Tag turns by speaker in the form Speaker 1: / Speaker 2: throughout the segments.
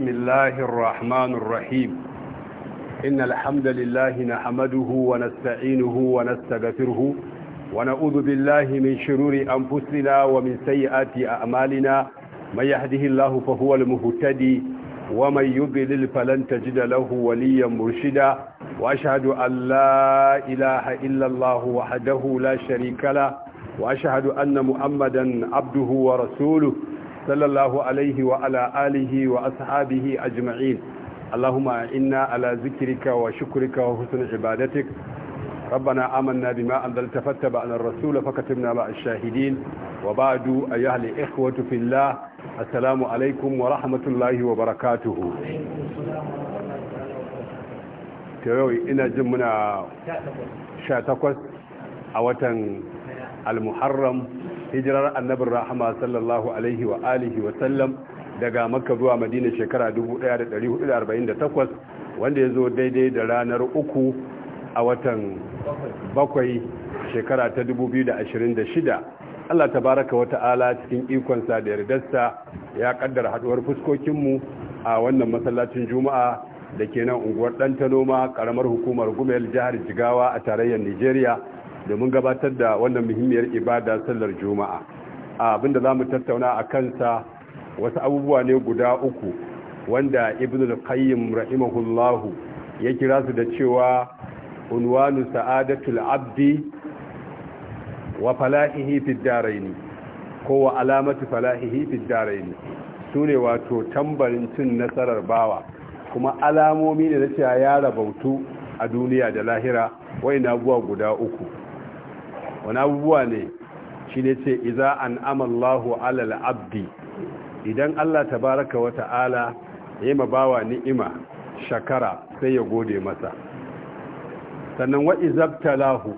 Speaker 1: بسم الله الرحمن الرحيم إن الحمد لله نحمده ونستعينه ونستغفره ونعوذ بالله من شرور أنفسنا ومن سيئات أعمالنا من يهده الله فهو المهتدي ومن يضلل فلن تجد له وليا مرشدا وأشهد أن لا إله إلا الله وحده لا شريك له وأشهد أن محمدا عبده ورسوله sallallahu alaihi wa ala alihi wa ashabihi ajma'in allahumma inna ala zikirika wa shukrika wa husni ibadatik rabbana amanna bima anzalta fattaba'na ar-rasul fakatimna ma ash-shahidin wa ba'du ayyuha al-ikhwatu fillah assalamu alaikum wa rahmatulahi wa barakatuh tayoyi ina jin muna takwas a watan al-muharram hijirar annabin rahama sallallahu alaihi wa alihi wa sallam daga makka zuwa madina shekara 1448 wanda ya zo daidai da ranar uku a watan bakwai shekara ta 2026 Allah tabaraka wa ta'ala cikin ikonsa da yardarsa ya kaddara haduwar fuskokinmu a wannan masallacin juma'a da ke nan unguwar ta noma karamar hukumar gumel jihar jigawa a tarayyar nigeria domin gabatar da wannan muhimmiyar ibada sallar juma'a abinda za mu tattauna a kansa wasu abubuwa ne guda uku wanda ibn al-qayyim rahimahullahu ya kira su da cewa unwanu sa'adatul abdi wa falahihi fid daraini ko wa alamatu falahihi fid daraini sune wato tambarin cin nasarar bawa kuma alamomi ne na cewa ya rabautu a duniya da lahira wai na guda uku wani abubuwa ne shi ne ce iza an amallahu alal abdi idan Allah tabaraka wa ta'ala ya ma bawa ni'ima shakara sai ya gode masa sannan wa izabtalahu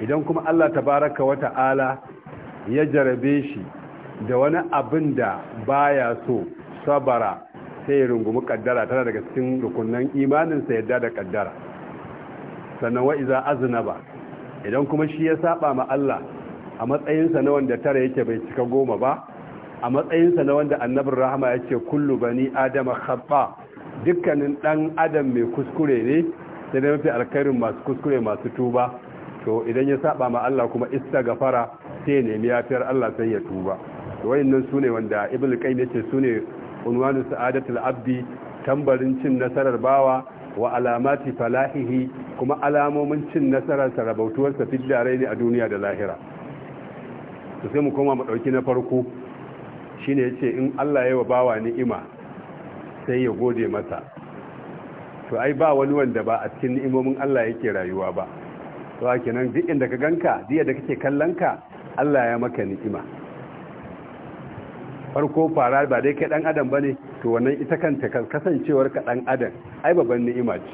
Speaker 1: idan kuma Allah tabaraka wa ta'ala ya jarabe shi da wani abin da baya so sabara sai ya rungumi kaddara tana daga cikin rukunan imaninsa yadda da kaddara sannan wa iza aznaba idan kuma shi ya saba ma Allah a matsayinsa na wanda tara yake bai cika goma ba a matsayinsa na wanda annabin rahama ya ce kullu bani adama khabba dukkanin ɗan adam mai kuskure ne sai da mafi alkarin masu kuskure masu tuba to idan ya saba ma Allah kuma fara, sai nemi yafiyar Allah sai ya tuba to wayannan sune wanda ibnu qayyim yace sune unwanu sa'adatul abdi tambarin cin nasarar bawa wa alamati falahihi kuma alamomin cin nasararsa rabautuwarsa fi darai ne a duniya da lahira to sai mu koma mu ɗauki na farko shine yace in Allah ya wa bawa ni'ima sai ya gode masa to ai ba wani wanda ba a cikin ni'imomin Allah yake rayuwa ba to a nan duk inda ka ganka duk da kake ka Allah ya maka ni'ima farko fara ba dai kai dan adam ba ne. to wannan ita kanta kasancewar ka dan adam ai babban ni'ima ce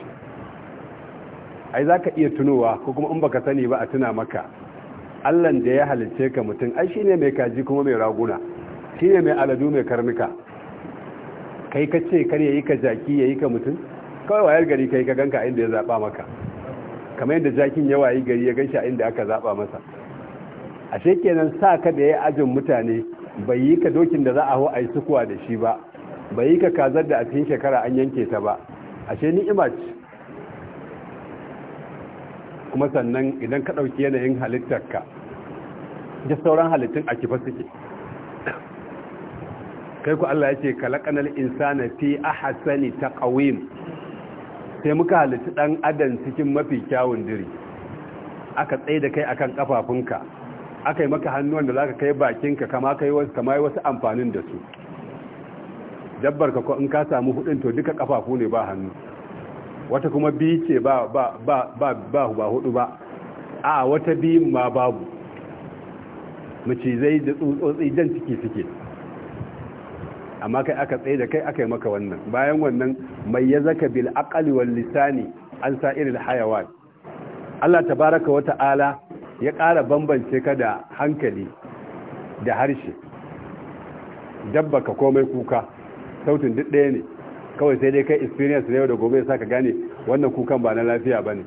Speaker 1: ai zaka iya tunowa ko kuma in baka sani ba a tuna maka Allah da ya halicce ka mutum ai shine mai kaji kuma mai raguna shine mai aladu mai karnuka kai ka ce kar yayi ka jaki yayi ka mutum kawai wayar gari kai ka ganka inda ya zaba maka kamar yadda jakin ya wayi gari ya gansha inda aka zaba masa ashe kenan sa ka da ya ajin mutane bai yi ka dokin da za a hau a yi sukuwa da shi ba ba yi ka kazar da a cikin shekara an yanke ta ba ashe ni'ima ce kuma sannan idan ka ɗauki yanayin halittarka da sauran halittun a kifa suke kai ku Allah ya ce kalakanar insana fi ta taqwim sai muka halitta ɗan adam cikin mafi kyawun diri aka tsaye da kai akan kafafunka aka yi maka hannuwan da ka kai bakinka kama kai wasu wasu amfanin da su dabbar ka ko in ka samu hudun to duka kafafu ne ba hannu wata kuma biyu ce ba ba ba ba ba ba hudu ba a wata biyun ma babu macizai da tsotsotsi jan ciki suke amma kai aka tsaye da kai aka yi maka wannan bayan wannan mai ya zaka bil aqali wal lisani an sa irin hayawan Allah tabaraka wa ta'ala ya ƙara bambance ka da hankali da harshe dabba komai kuka sautin duk ɗaya ne kawai sai dai kai experience na yau da gobe sa ka gane wannan kukan ba na lafiya ba ne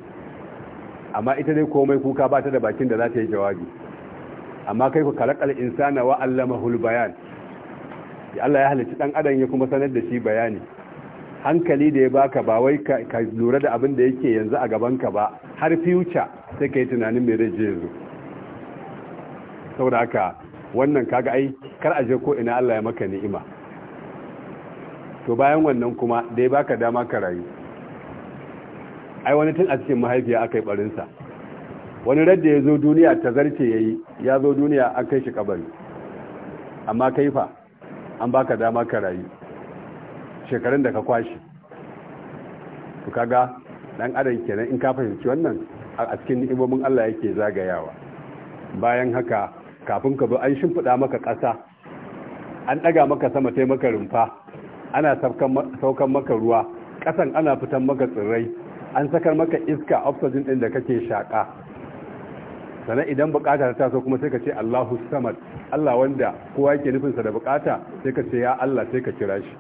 Speaker 1: amma ita dai komai kuka ba ta da bakin da za ta yi jawabi amma kai ku kalakal insana wa allamahul bayan ya Allah ya halicci dan adam ya kuma sanar da shi bayani hankali da ya baka ba wai ka lura da abin da yake yanzu a gabanka ba har future sai ka yi tunanin mai je yanzu saboda haka wannan kaga ai kar a je ko ina Allah ya maka ni'ima to bayan wannan kuma da ya baka dama ka rayu ai wani tun a cikin mahaifiya aka yi barinsa wani radda ya zo duniya ta zarce ya yi ya zo duniya an kai shi kabari amma yi fa an baka dama ka rayu shekarun da ka kwashi to kaga dan adam kenan in ka fahimci wannan a cikin ni'imomin Allah yake zagayawa bayan haka kafin ka bi an shimfiɗa maka ƙasa an ɗaga maka sama taimaka rumfa ana saukan maka ruwa ƙasan ana fitan maka tsirrai an sakar maka iska oxygen ɗin da kake shaƙa sannan idan bukata ta so kuma sai ka ce Allahu samad Allah wanda kowa yake nufinsa da bukata sai ka ce ya Allah sai ka kira shi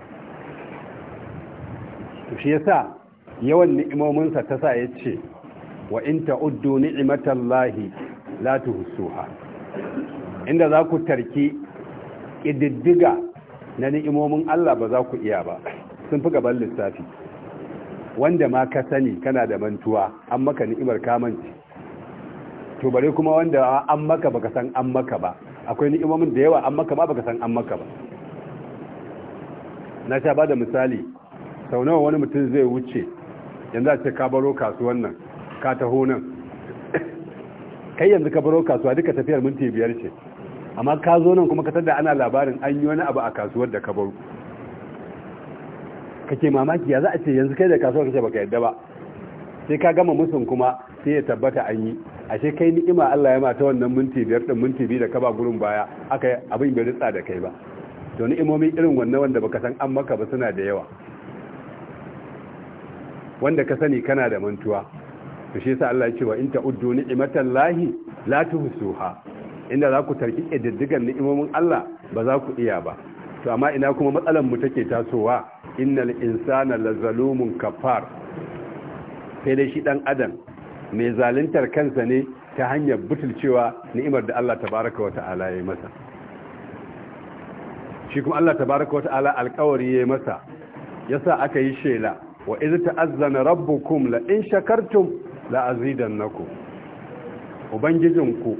Speaker 1: to shi yasa yawan ni'imominsa ta sa ya ce wa in ta'uddu ni'matallahi la tuhsuha inda za ku tarki ƙididdiga na ni'imomin Allah ba za ku iya ba sun fi gaban lissafi wanda ma ka sani kana da mantuwa an maka ni'imar kamanci to bare kuma wanda an maka baka san an maka ba akwai ni'imomin da yawa an maka ma baka san an maka ba na sha bada misali sau nawa wani mutum zai wuce yanzu a ce ka baro kasuwan nan ka taho nan kai yanzu ka baro kasuwa duka tafiyar minti biyar ce amma ka zo nan kuma ka tada ana labarin an yi wani abu a kasuwar da ka baro kake mamaki ya za a ce yanzu kai da kasuwar kace baka yadda ba sai ka gama musun kuma sai ya tabbata an yi ashe kai ni'ima Allah ya mata wannan minti biyar din minti biyu da ka ba gurin baya aka yi abin bai ritsa da kai ba to ni'imomi irin wannan wanda baka san an maka ba suna da yawa wanda ka sani kana da mantuwa to shi yasa Allah ya ce wa in ta'uddu ni'matallahi la tuhsuha inda za ku tarki ƙididdigar ni'imomin Allah ba za ku iya ba to amma ina kuma matsalar mu take tasowa innal insana lazalumun kafar sai dai shi ɗan adam mai zaluntar kansa ne ta hanyar butulcewa ni'imar da Allah tabaraka wa ta'ala ya yi masa shi kuma Allah tabaraka wa ta'ala alƙawari ya yi masa yasa aka yi shela wa iz ta'azzana rabbukum la in shakartum la azidannakum ubangijinku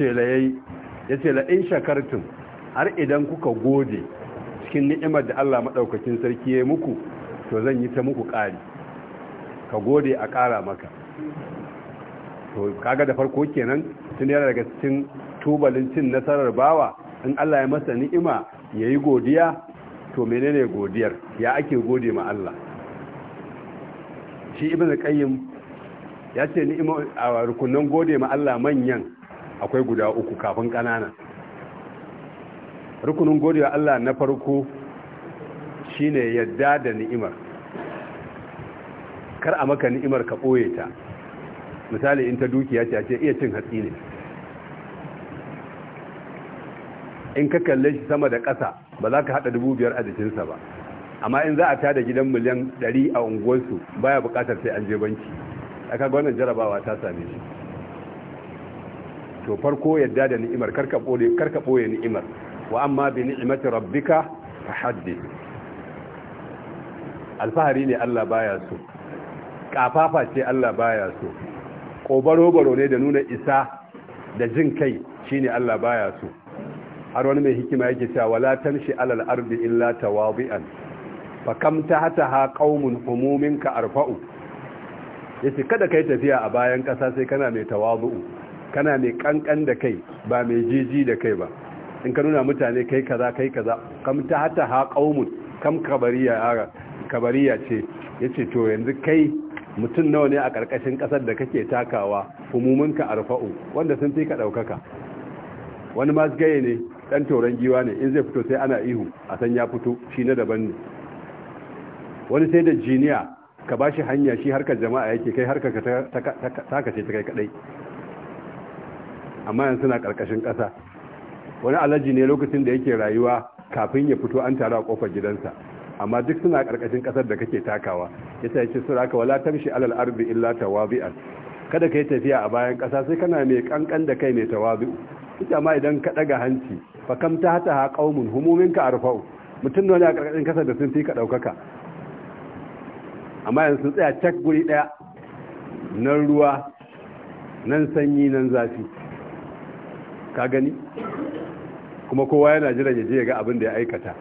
Speaker 1: shela yayi yace la in shakartun har idan kuka gode cikin ni'imar da Allah maɗaukakin sarki ya yi muku to zan yi ta muku ƙari ka gode a ƙara maka to kaga da farko kenan tun yana daga cikin tubalin cin nasarar bawa in Allah ya masa ni'ima ya yi godiya to menene godiyar ya ake gode ma Allah shi ibn qayyim ya ce ni'ima a rukunan gode ma Allah manyan akwai guda uku kafin ƙanana rukunin godiya Allah na farko shine yadda da ni'imar kar a maka ni'imar ka ɓoye ta misali in ta dukiya ce ce iya cin hatsi ne in ka kalle shi sama da ƙasa ba za ka haɗa dubu biyar a jikinsa ba amma in za a ta da gidan miliyan ɗari a unguwarsu baya buƙatar sai an je banki aka ga wannan jarabawa ta same shi to farko yadda da ni'imar karka boye karka ni'imar wa amma bi ni'imati rabbika fahaddi. alfahari ne Allah baya so kafafa ce Allah baya so kobaro-baro ne da nuna isa da jin kai shine Allah baya so har wani mai hikima yake cewa wala tamshi alal ardi illa tawabi'an fa kam tahtaha qaumun humuminka arfa'u yace kada kai tafiya a bayan ƙasa sai kana mai tawabu'u kana mai kankan da kai ba mai jiji da kai ba in ka nuna mutane kai kaza kai kaza kam ta hata ha kam kabariya kabariya ce yace to yanzu kai mutum nawa ne a karkashin kasar da kake takawa a arfa'u wanda sun fi ka ɗaukaka wani masgaye ne dan toran giwa ne in zai fito sai ana ihu a san ya fito shi na daban ne wani sai da jiniya ka bashi hanya shi harkar jama'a yake kai harkar ka ta ce ta kai kadai amma yanzu suna karkashin ƙasa wani alaji ne lokacin da yake rayuwa kafin ya fito an taru a kofar gidansa amma duk suna karkashin ƙasar da kake takawa ya sa yake yace suraka wala tamshi alal ardi illa tawabi'an kada kai tafiya a bayan ƙasa sai kana mai kankan da kai mai tawabi'u ita ma idan ka daga hanci fa kam ta hata ha qaumun humuminka arfa'u mutum ne a karkashin ƙasar da sun fi ka ɗaukaka amma yanzu sun tsaya cak guri ɗaya nan ruwa nan sanyi nan zafi ka gani kuma kowa yana jiran ya je ya ga abin da ya aikata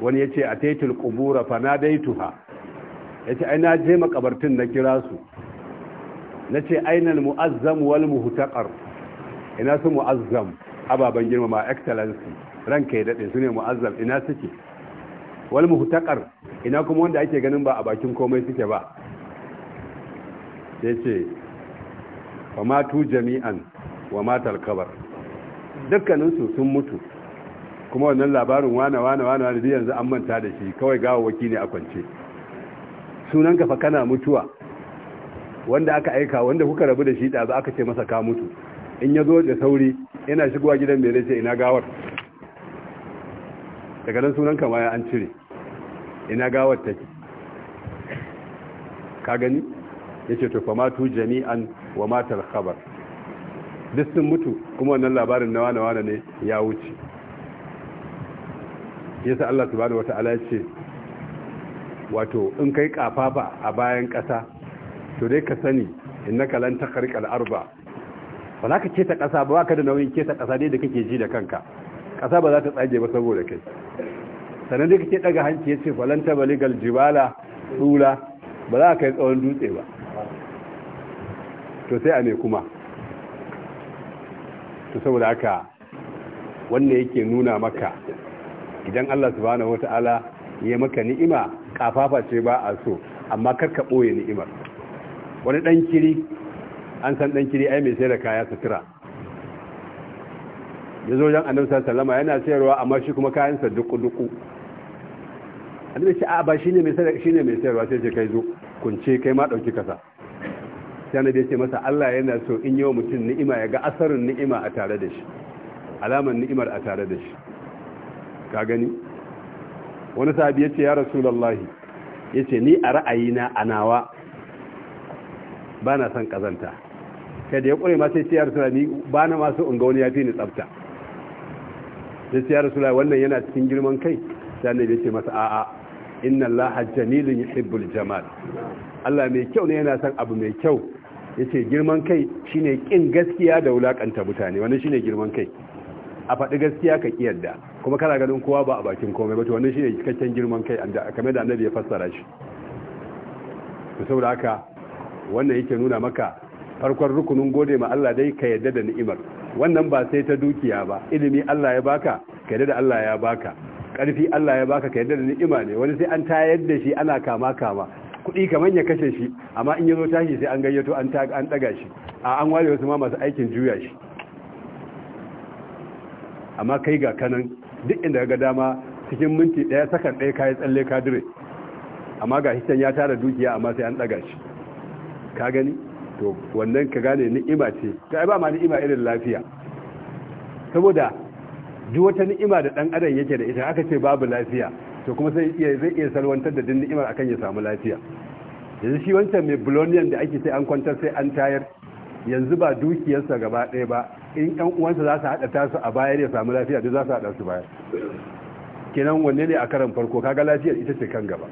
Speaker 1: wani ya ce a taitul kubura fa na daituha ya ce aina je makabartin na kira su na ce ainihin mu'azzam wal muhtaqar ina su mu'azzam ababen girmama excellency ranka ya daɗe su ne mu'azzam ina suke wal muhtaqar ina kuma wanda ake ganin ba a bakin komai suke ba ya ce fa matu jami'an wa matar kabar dukkaninsu sun mutu kuma wannan labarin wane wane wane wane yanzu an manta da shi kawai waki ne a kwance sunan kafa kana mutuwa wanda aka aika wanda kuka rabu da shi ɗazu aka ce masa ka mutu in ya zo da sauri ina shigowa gidan mai ce ina gawar daga nan sunan kama ya an cire ina gawar ta ke ka gani ya ce matu jami'an wa matar khabar duk sun mutu kuma wannan labarin na wane wane ne ya wuce yasa Allah subhanahu wata'ala ce wato in kai kafafa a bayan kasa to dai ka sani innaka lan takhriqa al-arba ba za ka ce ta kasa ba ka da nauyin kesa ta kasa ne da kake ji da kanka kasa ba za ta tsage ba saboda kai sannan da kake daga hanci ya ce falan ta baligal jibala tsula ba za ka yi tsawon dutse ba to sai a ne kuma to saboda haka wannan yake nuna maka idan Allah subhanahu wata'ala ya maka ni'ima kafafa ce ba a so amma karka boye ni'imar wani dan kiri an san dan kiri ai mai sai da kaya sutura ya zo jan annabi sallama yana sayarwa amma shi kuma kayansa duku-duku annabi shi a ba shine mai sayarwa sai ce kai zo kunce kai ma dauki kasa sai annabi ya ce masa Allah yana so in yi wa mutum ni'ima ya ga asarin ni'ima a tare da shi alamar ni'imar a tare da shi ka gani wani sahabi ya ce ya rasulallahi ya ce ni a ra'ayina a nawa ba na son kazanta kai da ya ƙure masu sai ce ya rasulallahi ba na masu unga wani ya fi ni tsafta ya ce ya rasulallahi wannan yana cikin girman kai sai annabi ya ce masa a'a inna allaha jamilun yuhibbul jamal Allah mai kyau ne yana son abu mai kyau ya ce girman kai shine kin gaskiya da wulakanta mutane wannan shine girman kai a faɗi gaskiya ka kiyarda kuma kana ganin kowa ba a bakin komai ba to wannan shine cikakken girman kai kame da annabi ya fassara shi to saboda haka wannan yake nuna maka farkon rukunin gode ma Allah dai ka yadda da ni'imar wannan ba sai ta dukiya ba ilimi Allah ya baka ka yadda da Allah ya baka karfi Allah ya baka ka yadda da ni'ima ne wani sai an tayar da shi ana kama kama kuɗi kamar ya kashe shi amma in ya zo tashi sai an gayyato an ɗaga shi a an ware wasu ma masu aikin juya shi amma kai ga kanan duk inda ga dama cikin minti ɗaya sakan ɗaya kayi tsalle kadire amma ga hitan ya tara dukiya amma sai an ɗaga shi ka gani to wannan ka gane ni'ima ce ta ba ma ni'ima irin lafiya saboda duk wata ni'ima da ɗan adam yake da ita aka ce babu lafiya to kuma sai iya zai iya salwantar da din ni'imar akan ya samu lafiya yanzu shi wancan mai bulonian da ake sai an kwantar sai an tayar yanzu ba dukiyarsa gaba ɗaya ba in ɗan uwansa za su haɗa tasu a bayan ya samu lafiya duk za su haɗa su bayan kenan wanne ne a karan farko kaga lafiyar ita ce kan gaba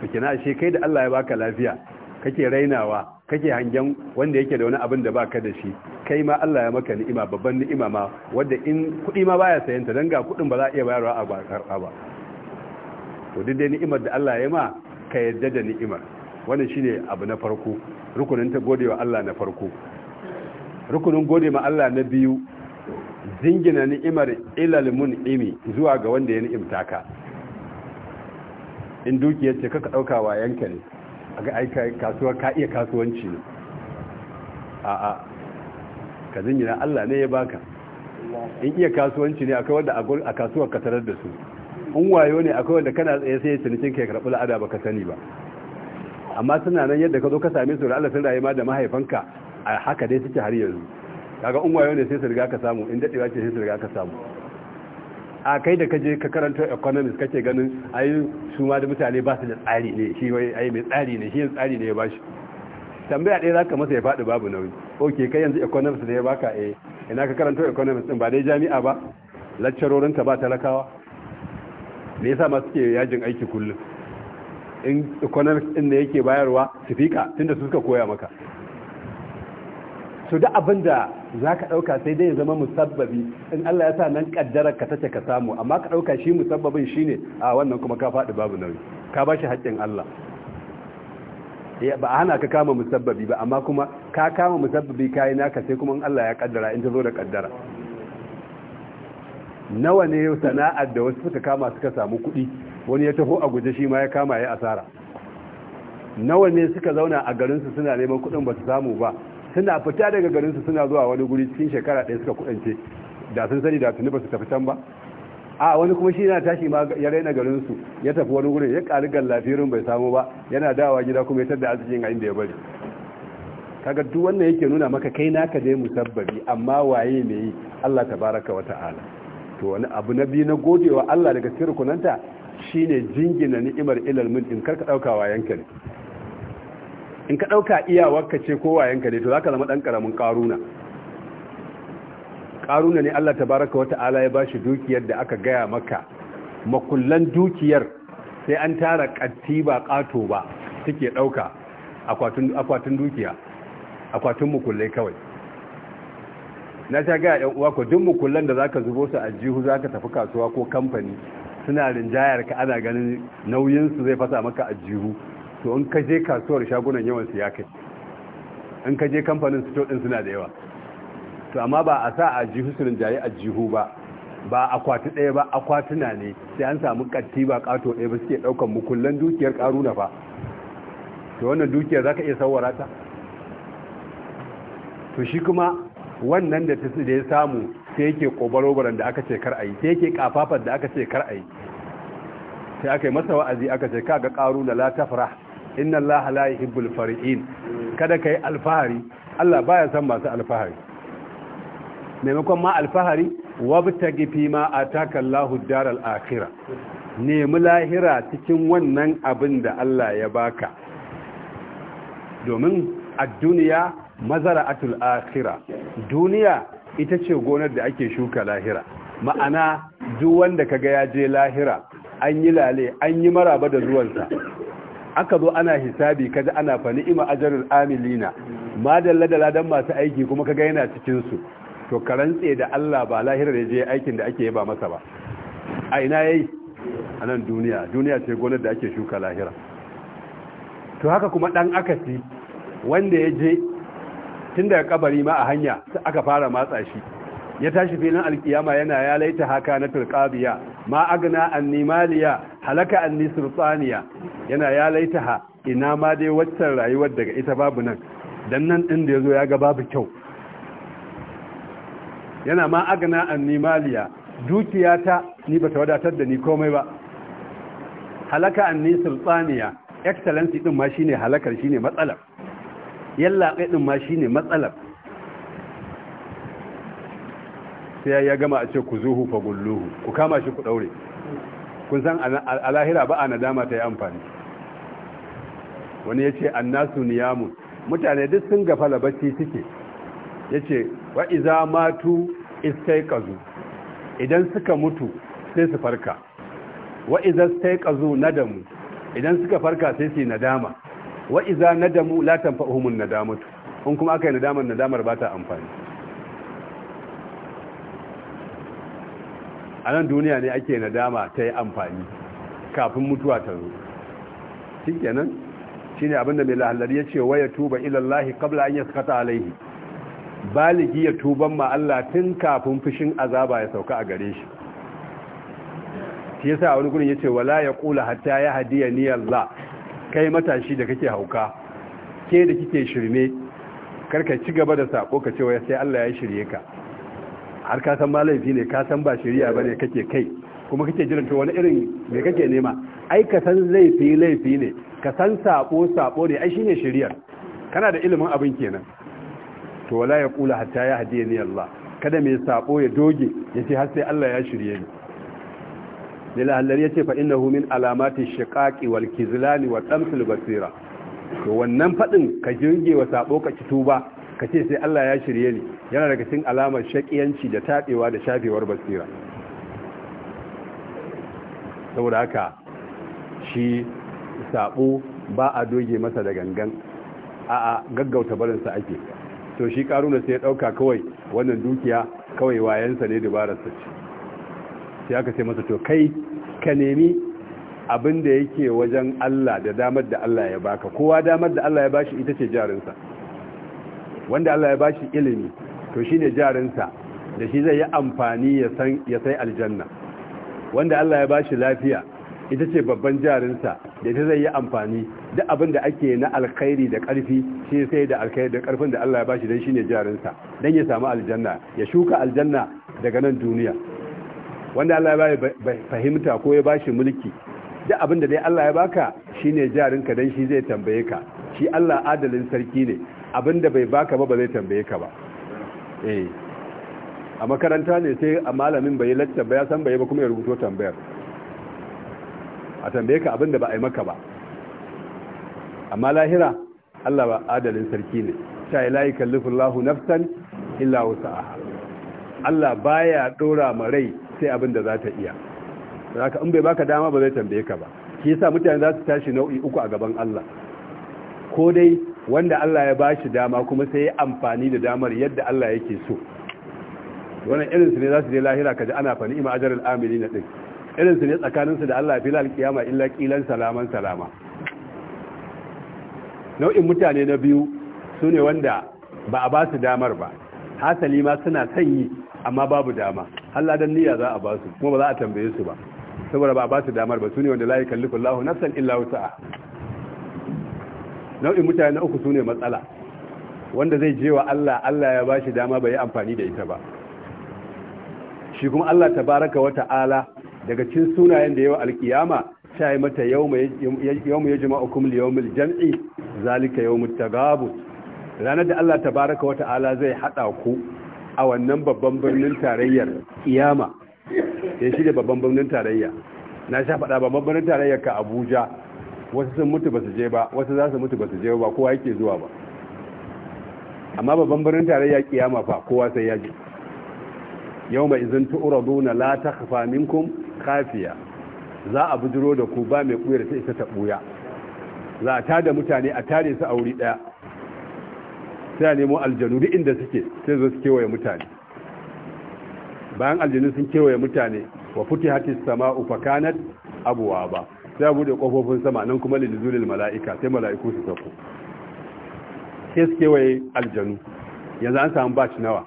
Speaker 1: to kenan ashe kai da Allah ya baka lafiya kake rainawa kake hangen wanda yake da wani abin da baka da shi kai ma Allah ya maka ni'ima babban ni'ima ma wanda in kuɗi ma baya sayan ta dan ga kuɗin ba za a iya bayarwa a ba to duk dai ni'imar da Allah ya yi ma ka yadda da ni'imar wannan shine abu na farko rukunin ta godewa Allah na farko rukunin gode ma Allah na biyu zingina ni'imar ilal mun'imi zuwa ga wanda ya ni'imta ka in dukiyar ce kaka dauka wa yanka ne a ga aika kasuwa ka iya kasuwanci ne a a ka zingina Allah ne ya baka in iya kasuwanci ne akwai wanda a kasuwar ka tarar da su in wayo ne akwai wanda kana tsaye sai cinikin ka karɓi la'ada ka sani ba amma suna nan yadda ka zo ka same su da Allah sun rayu ma da mahaifanka a haka dai suke har yanzu kaga in wayo ne sai su riga ka samu in dadewa ce sai su riga ka samu a kai da kaje ka karanta economics kake ganin ayi su ma da mutane ba su da tsari ne shi wai ayi mai tsari ne shi tsari ne ya bashi tambaya ɗaya zaka masa ya faɗi babu nauyi ok kai yanzu economics da ya baka eh ina ka karanta economics din ba dai jami'a ba lecturorin ta ba talakawa me yasa ma suke yajin aiki kullum in economics din yake bayarwa su fika tunda su suka koya maka su da abin da za ka ɗauka sai dai zama musabbabi in Allah ya sa nan ƙaddarar ka tace ka samu amma ka ɗauka shi musabbabin shi ne a wannan kuma ka faɗi babu nauyi ka ba shi haƙƙin Allah eh, ba a hana ka kama musabbabi ba amma kuma ka kama musabbabi kayi naka sai kuma in Allah ya ƙaddara in ta zo da ƙaddara nawa ne sana'ar da wasu suka kama suka samu kuɗi wani ya taho a guje shi ma ya kama ya asara nawa ne suka zauna a garinsu suna neman kuɗin ba su samu ba suna fita daga garinsu suna zuwa wani guri cikin shekara ɗaya suka kuɗance da sun sani da tuni ba su tafi can ba a wani kuma shi yana tashi ma ya raina garinsu ya tafi wani gurin ya ƙari gallafirin bai samu ba yana dawa gida kuma ya tadda arzikin a inda ya bari kaga duk wannan yake nuna maka kai naka dai musabbabi amma waye ne yi Allah tabaraka wa ta'ala to wani abu na biyu na godewa Allah daga cikin rukunanta shine jingina ni'imar ilal mun in karka dauka wayanka ne in ka dauka iyawarka ce ko wayanka ne to zaka zama dan karamin karuna karuna ne Allah tabaraka wata'ala ya bashi dukiyar da aka gaya maka makullan dukiyar sai an tara katti ba kato ba take dauka akwatin akwatin dukiya akwatin mukullai kawai na ta ga yan uwa ko duk mukullan da zaka zubo su a jihu zaka tafi kasuwa ko kamfani suna rinjayar ka ana ganin nauyin su zai fasa maka a jihu to in ka je kasuwar shagunan yawan su ya kai in ka je kamfanin su din suna da yawa to amma ba a sa a jihu su rinjaye a jihu ba ba akwati ɗaya ba akwatuna ne sai an samu katti ba kato ɗaya ba suke ɗaukan mukullan dukiyar karuna fa to wannan dukiyar zaka iya sawara ta to shi kuma wannan da ta da ya samu sai yake baran da aka ce kar a sai yake kafafar da aka ce kar a sai aka yi masa wa'azi aka ce ka karu la tafra inna Allah la yuhibbul farihin kada kai alfahari Allah baya san masu alfahari maimakon ma alfahari wabtagi fi ma ataka Allahu daral akhirah nemi lahira cikin wannan abin da Allah ya baka domin a duniya mazara'atul akhira duniya ita ce gonar da ake shuka lahira ma'ana duk wanda kaga ya je lahira an yi lale an yi maraba da zuwansa aka zo ana hisabi kaji ana fani ima ajrul amilina ma dalla da ladan masu aiki kuma kaga yana cikin su to karantse da Allah ba lahira da je aikin da ake ba masa ba a ina yayi a nan duniya duniya ce gonar da ake shuka lahira to haka kuma dan akasi wanda ya je tun daga kabari ma a hanya aka fara matsa shi ya tashi filin alkiyama yana ya laita haka na turkabiya ma agna annimaliya halaka anni sultaniya yana ya laita ha ina ma dai waccan rayuwar daga ita babu nan dan nan din da yazo ya ga babu kyau yana ma agna annimaliya dukiyata ni bata wadatar da ni komai ba halaka anni sultaniya excellency din ma shine halakar shine matsalar yallaɓe ɗin ma shi ne matsalar sai ya gama a ce ku zuhu fa gulluhu ku kama shi ku ɗaure kun san a lahira ba a nadama ta yi amfani wani ya ce nasu niyamun mutane duk sun gafala bacci suke ya ce iza matu ƙazu idan suka mutu sai su farka ƙazu na nadamu idan suka farka sai su yi nadama wa iza nadamu la tanfa'uhum nadamatu in kuma aka yi nadamar nadamar ba ta amfani a nan duniya ne ake nadama ta yi amfani kafin mutuwa ta zo shi kenan shi ne abinda mai lahallari ya ce waya tuba ilallahi kabla an yaskata alaihi baligi ya tuban ma Allah tun kafin fushin azaba ya sauka a gare shi shi yasa wani gurin yace wala ya kula hatta ya hadiya niyar la. kai matashi da kake hauka ke da kike shirme karka ci gaba da sako ka cewa sai Allah ya shirye ka har ka san malaifi ne ka san ba shiriya bane kake kai kuma kake jiran to wani irin me kake nema ai ka san laifi laifi ne ka san sako sako ne ai shine shiriyar kana da ilimin abin kenan to wala ya kula hatta ya hadiyani Allah kada me sako ya doge yace har sai Allah ya shirye ni lilahallari ya ce fa innahu min alamati shiqaqi wal kizlani wa tamsil basira to wannan fadin ka jirge wa sabo ka tuba ka ce sai Allah ya shirye ni yana daga cikin alamar shakiyanci da tabewa da shafewar basira saboda haka shi sabo ba a doge masa da gangan a a gaggauta barinsa ake to shi karuna sai ya dauka kawai wannan dukiya kawai wayansa ne dubararsa ce sai aka ce masa to kai ka nemi abin da yake wajen Allah da damar da Allah ya baka kowa damar da Allah ya bashi ita ce jarinsa wanda Allah ya bashi ilimi to shi ne jarinsa da shi zai yi amfani ya sai aljanna wanda Allah ya bashi lafiya ita ce babban jarinsa da ita zai yi amfani duk abin da ake na alkhairi da karfi shi sai da alkhairi da karfin da Allah ya bashi dan ne jarinsa dan ya samu aljanna ya shuka aljanna daga nan duniya wanda Allah ya bai fahimta ko ya bashi mulki duk abin da dai Allah ya baka shine jarinka dan shi zai tambaye ka shi Allah adalin sarki ne abin da bai baka ba ba zai tambaye ka ba eh a makaranta ne sai a malamin bai lacce ba ya san bai ba kuma ya rubuto tambayar a tambaye ka abin da ba a yi maka ba amma lahira Allah ba adalin sarki ne sha ila yakallifu Allahu nafsan illa wusaha Allah baya dora ma rai sai abin da za ta iya ka in bai baka dama ba zai tambaye ka ba shi yasa mutane za su tashi nau'i uku a gaban Allah ko dai wanda Allah ya bashi dama kuma sai ya amfani da damar yadda Allah yake so wannan irin su ne za su je lahira kaji ana fa ni'ma ajrul amilin din irin su ne tsakanin su da Allah lal qiyama illa qilan salaman salama nau'in mutane na biyu sune wanda ba a ba su damar ba hasali ma suna sanyi amma babu dama Allah dan niyya za a ba su kuma ba za a tambaye su ba saboda ba a ba su damar ba su ne wanda la yukallifu Allahu nafsan illa wus'aha nau'in mutane na uku su ne matsala wanda zai je wa Allah Allah ya ba shi dama bai amfani da ita ba shi kuma Allah tabaraka wa ta'ala daga cin sunayen da yawa alkiyama sai mata yau yau jima'a kuma li mil jam'i zalika yawmut tagabut ranar da Allah tabaraka wa ta'ala zai haɗa ku a wannan babban birnin tarayyar kiyama ya eh, shi da babban birnin tarayya na sha faɗa babban birnin tarayyar ka abuja wasu sun mutu ba su je ba wasu za su mutu ba su je ba kowa yake zuwa ba amma babban birnin tarayya kiyama fa kowa sai ya je yau mai izin tu'raduna la takhfa minkum khafiya za a bujiro da ku ba mai kuyar ta isa ta buya za a tada mutane a tare su a wuri daya sai nemo aljanu duk inda suke sai zo su kewaye mutane bayan aljanu sun kewaye mutane wa futi hati sama'u fakanat abuwa ba sai a bude kofofin sama nan kuma lilzulil mala'ika sai mala'iku su sako sai su kewaye aljanu yanzu an samu baci nawa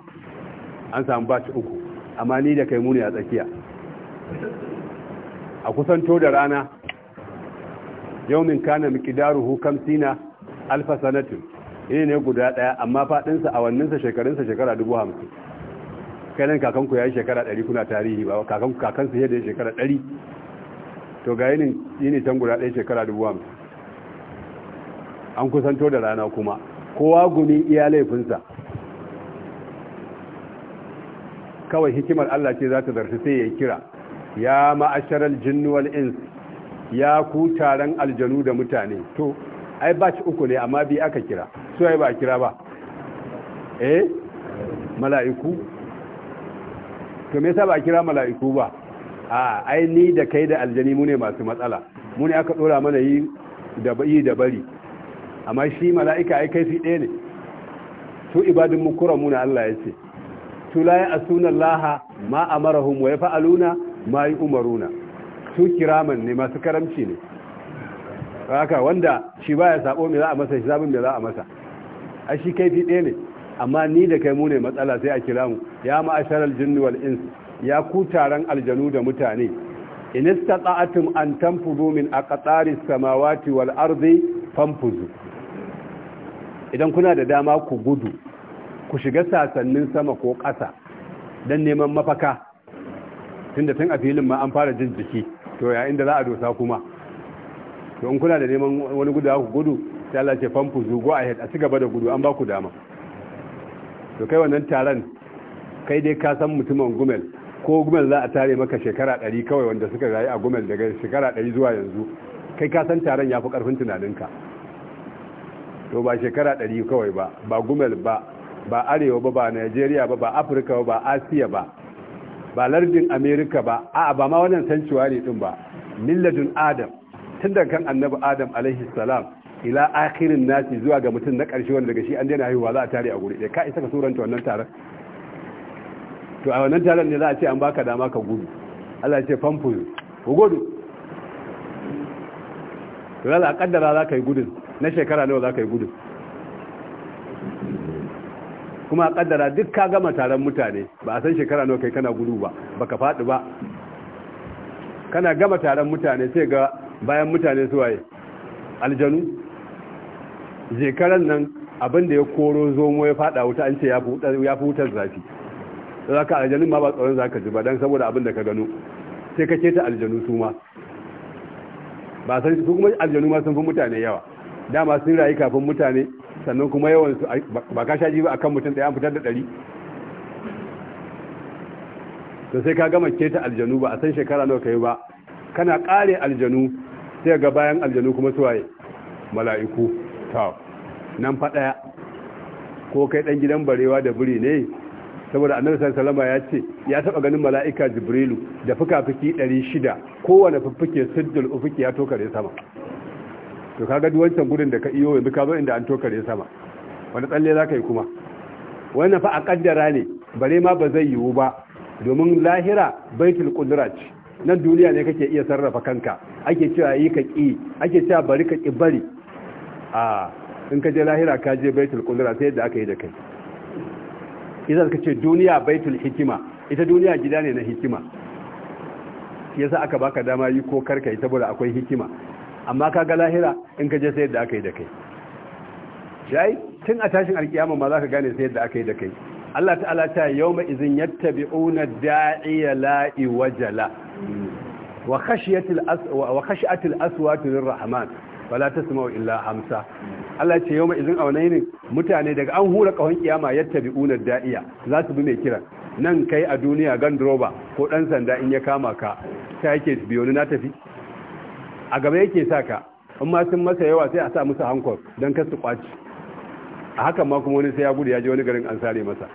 Speaker 1: an samu baci uku amma ni da kai muni a tsakiya a kusanto da rana yau min kana miƙidaruhu kamsina alfa sanatin ne ne guda ɗaya amma faɗinsa awanninsa shekarunsa shekara dubu hamsin kanin kakanku ya yi shekara ɗari kuna tarihi ba kakanku kakansu yadda ya shekara ɗari to ga yini can guda ɗaya shekara dubu hamsin an kusanto da rana kuma kowa gumi iya laifinsa kawai hikimar Allah ce za ta zarta sai ya kira ya ma'asharar jinnuwal ins ya ku taron aljanu da mutane to ai ci uku ne amma bi aka kira su ai ba kira ba eh mala'iku to me yasa ba kira mala'iku ba a ai ni da kai da aljani mu ne masu matsala mu ne aka dora mana yi da yi da bari amma shi mala'ika ai kai ɗaya ne su ibadin mu na Allah ya ce su la ya'suna Laha ma amarahum wa yaf'aluna ma yu'maruna su kiraman ne masu karamci ne haka wanda shi baya sabo me za a masa shi hisabin me za a masa a shi kaifi ɗaya ne amma ni da kai mu ne matsala sai a kira mu ya ma'ashar aljinni wal ins ya ku taron aljanu da mutane in istata'atum an tanfudu min aqtaris samawati wal ardi fanfuzu idan kuna da dama ku gudu ku shiga sasannin sama ko ƙasa don neman mafaka tunda tun a filin ma an fara jin jiki to ya inda za a dosa kuma to in kuna da neman wani gudu ku gudu sai Allah ce famfu zu go ahead a cigaba da gudu an ba ku dama to kai wannan taron kai dai ka san mutumin gumel ko gumel za a tare maka shekara 100 kawai wanda suka rayu a gumel daga shekara 100 zuwa yanzu kai ka san taron yafi karfin tunaninka to ba shekara 100 kawai ba ba gumel ba ba arewa ba ba nigeria ba ba Afirka ba ba Asiya ba ba lardin Amerika ba a ba ma wannan sancewa ne din ba milladun Adam tun da kan annabi adam alaihi salam ila akhirin nasi zuwa ga mutum na ƙarshe wanda daga shi an daina haihuwa za a tare a guri ɗaya ka isa ka ta wannan taron to a wannan taron ne za a ce an baka dama ka gudu Allah ce famfo ku gudu to za a kaddara za ka yi gudun na shekara nawa za ka yi gudun kuma a kaddara duk ka gama taron mutane ba a san shekara nawa kai kana gudu ba baka faɗi ba kana gama taron mutane sai ga bayan mutane su waye aljanu shekaran nan abin da ya koro zomo ya fada wuta an ce ya fi wutar zafi za ka aljanun ma ba tsoron za ka ji ba don saboda abin da ka gano sai ka keta aljanu su ma ba san su kuma aljanu ma sun fi mutane yawa dama sun rayu kafin mutane sannan kuma yawan su ba ka shaji ba kan mutum ɗaya an fitar da ɗari to sai ka gama keta aljanu ba a san shekara nawa ka yi ba kana ƙare aljanu sai ga bayan aljanu kuma su waye mala'iku ta nan faɗaya ko kai ɗan gidan barewa da buri ne saboda annabi sallallahu ya ce ya taba ganin mala'ika jibrilu da fuka-fuki 600 kowane fuffuke siddul ufuki ya tokare sama to kaga duk wancan gudun da ka iyo yanzu ka zo inda an tokare sama wani tsalle za ka yi kuma wannan fa a kaddara ne bare ma ba zai yiwu ba domin lahira baitul qudrat nan duniya ne kake iya sarrafa kanka ake cewa yi ka ƙi ake cewa bari ka ƙi bari a in ka je lahira ka je baitul kudura sai yadda aka yi da kai idan ka ce duniya baitul hikima ita duniya gida ne na hikima yasa aka baka dama yi ko karka saboda akwai hikima amma ka ga lahira in ka je sai yadda aka yi da kai jai tun a tashin alkiyama ma za ka gane sai yadda aka yi da kai Allah ta'ala ta yawma izin bi'una da'iya la'i wajala wa khashiyatil aswatu lirrahman wala tasma'u illa hamsa Allah ce yau izin a ne mutane daga an hura kahon kiyama yattabi'una da'iya za su bi mai kiran nan kai a duniya ganduroba ko dan sanda in ya kama ka ta yake biyo na tafi a gaba yake sa ka in ma sun masa yawa sai a sa musu hankor don kasu kwaci a hakan ma kuma wani sai ya gudu ya je wani garin an sare masa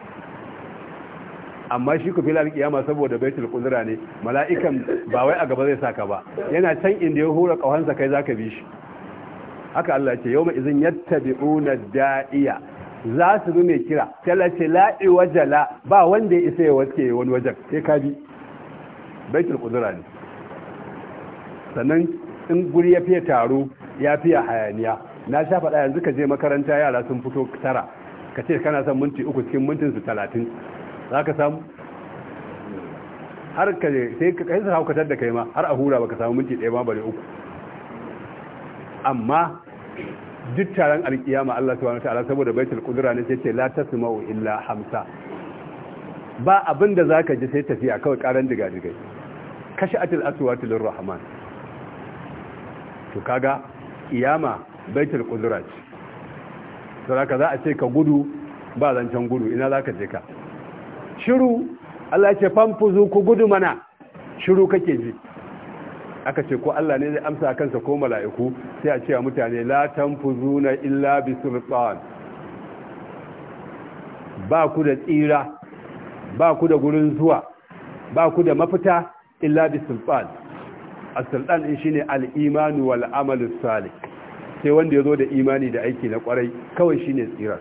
Speaker 1: amma shi ku filar alkiyama saboda baitul qudra ne mala'ikan ba wai a gaba zai saka ba yana can inda ya hura sa kai zaka bi shi haka Allah ya ce yawma izin yattabi'una da'iya za su bi mai kira ce la'i wajala ba wanda ya isa ya waske wani wajen sai ka bi baitul qudra ne sannan in guri ya fiye taro ya fiye hayaniya na sha faɗa yanzu ka je makaranta yara sun fito tara ka ce kana son minti uku cikin mintin talatin za ka samu har ka sai ka kai sa haukatar da kai ma har a hura ba ka samu minti ɗaya ma bare uku amma duk taron alƙiyama Allah wani ta'ala saboda baitul kudura ne sai ce la tasma'u illa hamsa ba abin da ka ji sai tafiya kawai ƙaran diga digai kashi atil aswatu lirrahman to kaga iyama baitul kudura ce saboda za a ce ka gudu ba zancen gudu ina za ka je ka shiru Allah ce famfuzu ku gudu mana shiru kake ji aka ce ko Allah ne zai amsa kansa ko mala'iku sai a ce wa mutane la tanfuzuna illa bi sultan ba ku da tsira ba ku da gurin zuwa ba ku da mafita illa bi sultan as-sultan din shine al-imanu wal amalu salih sai wanda yazo da imani da aiki na kwarai kawai shine tsira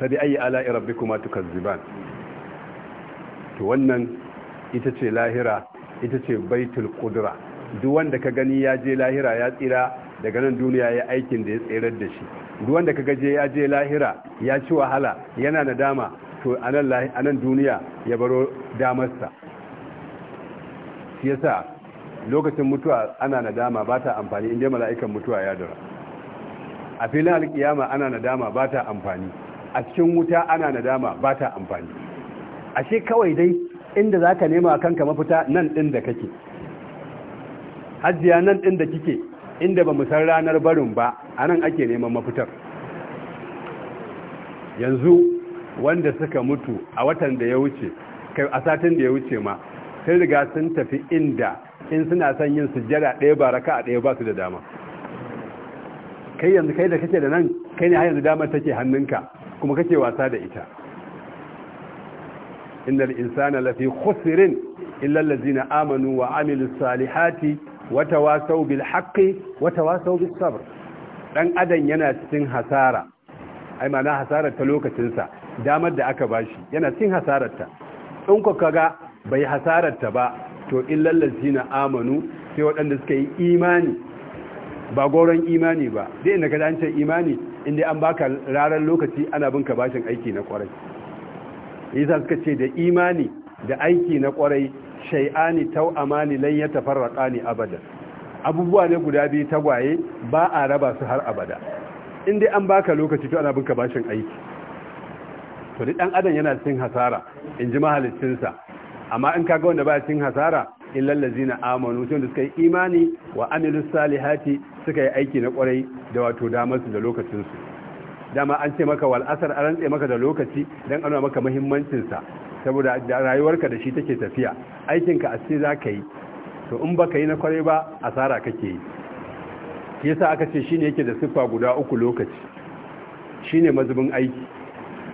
Speaker 1: fabi ayi ala rabbikuma tukazziban to wannan ita ce lahira ita ce baitul qudra duk wanda ka gani ya je lahira ya tsira daga nan duniya ya aikin da ya tsirar da shi duk wanda ka gaje ya je lahira ya ci wahala yana nadama to a nan duniya ya baro damar sa yasa lokacin mutuwa ana nadama ba ta amfani inda mala'ikan mutuwa ya dara a filin alkiyama ana nadama ba ta amfani a cikin wuta ana nadama ba ta amfani ashe kawai dai inda za ka nema kanka mafita nan ɗin da kake hajjiya nan ɗin da kike inda ba san ranar barin ba a nan ake neman mafitar yanzu wanda suka mutu a watan da ya wuce kai a satin da ya wuce ma sun riga sun tafi inda in suna son yin sujjada ɗaya ba raka a ɗaya ba su da dama kai yanzu kai da kake da nan kai ne har yanzu damar take hannunka kuma kake wasa da ita innal insana lafi khusrin illa allazina amanu wa amilus salihati wa tawasaw bil haqqi wa tawasaw bis sabr dan adam yana cikin hasara ai mana hasarar ta lokacinsa damar da aka bashi yana cikin hasarar ta in ku kaga bai hasarar ta ba to illa allazina amanu sai wadanda suka yi imani ba goron imani ba dai inda kaza an imani inda an baka ranar lokaci ana bin ka bashin aiki na kwarai isa suka ce da imani da aiki na kwarai shay'ani tau'amani lan yatafarraqani abada abubuwa ne guda biyu tagwaye ba a raba su har abada inda an baka lokaci to ana bin ka bashin aiki to dan adam yana cin hasara in ji mahalicinsa amma in kaga wanda ba cin hasara illal ladzina amanu sun suka yi imani wa amilus salihati suka yi aiki na kwarai da wato damarsu da lokacin su dama an ce maka wal asar an rantse maka da lokaci dan ana maka muhimmancin sa saboda rayuwarka da shi take tafiya aikinka a ce za ka yi to in baka yi na kwarai ba asara kake yi yasa aka ce shine yake da siffa guda uku lokaci shine mazubin aiki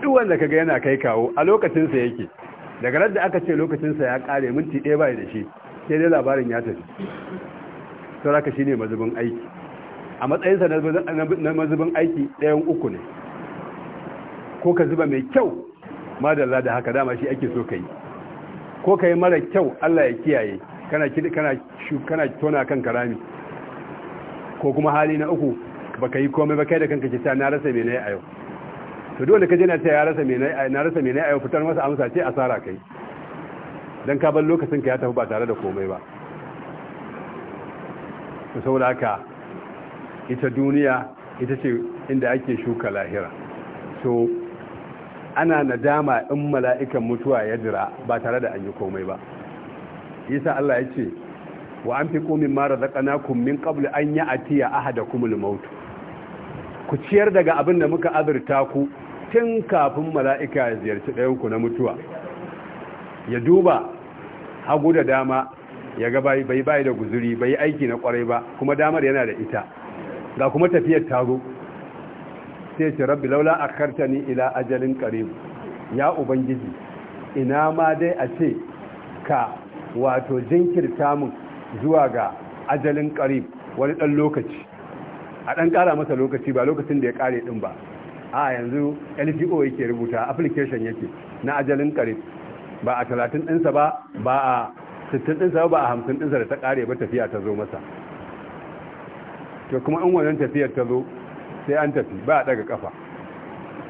Speaker 1: duk wanda ka ga yana kai kawo a lokacinsa yake daga radda aka ce lokacinsa ya kare minti ɗaya bai da shi sai dai labarin ya tafi saraka shi ne mazubin aiki a matsayinsa na mazubin aiki ɗayan uku ne ko ka zuba mai kyau madalla da haka dama shi ake so ka yi ko ka yi mara kyau allah ya kiyaye kana tona kan karami ko kuma hali na uku baka yi komai ba kai da kanka kisa na rasa mene a yau to dole ka je na yi rasa mene na yi a yau fitar masa amsa ce asara kai don ka bar lokacin ka ya tafi ba tare da komai ba sau da aka ita duniya ita ce inda ake shuka lahira so ana nadama in mala'ikan mutuwa ya jira ba tare da an yi komai ba isa Allah ya ce wa an fi komin mara kun min ƙabli an yi atiya aha da kuma limautu ku ciyar daga abin da muka azurta ku tun kafin mala'ika ya ziyarci ɗayanku na mutuwa ya duba hagu da dama ya ga bai bai da guzuri bai aiki na kwarai ba kuma damar yana da ita ga kuma tafiyar taro sai ce rabbi laula ni ila ajalin qarib ya ubangiji ina ma dai a ce ka wato jinkirta mu zuwa ga ajalin qarib wani dan lokaci a dan kara masa lokaci ba lokacin da ya kare din ba a yanzu LGO yake rubuta application yake na ajalin qarib ba a talatin ɗinsa ba ba a sittin ɗinsa ba a hamsin ɗinsa da ta ƙare ba tafiya ta zo masa to kuma in wannan tafiyar ta zo sai an tafi ba a ɗaga ƙafa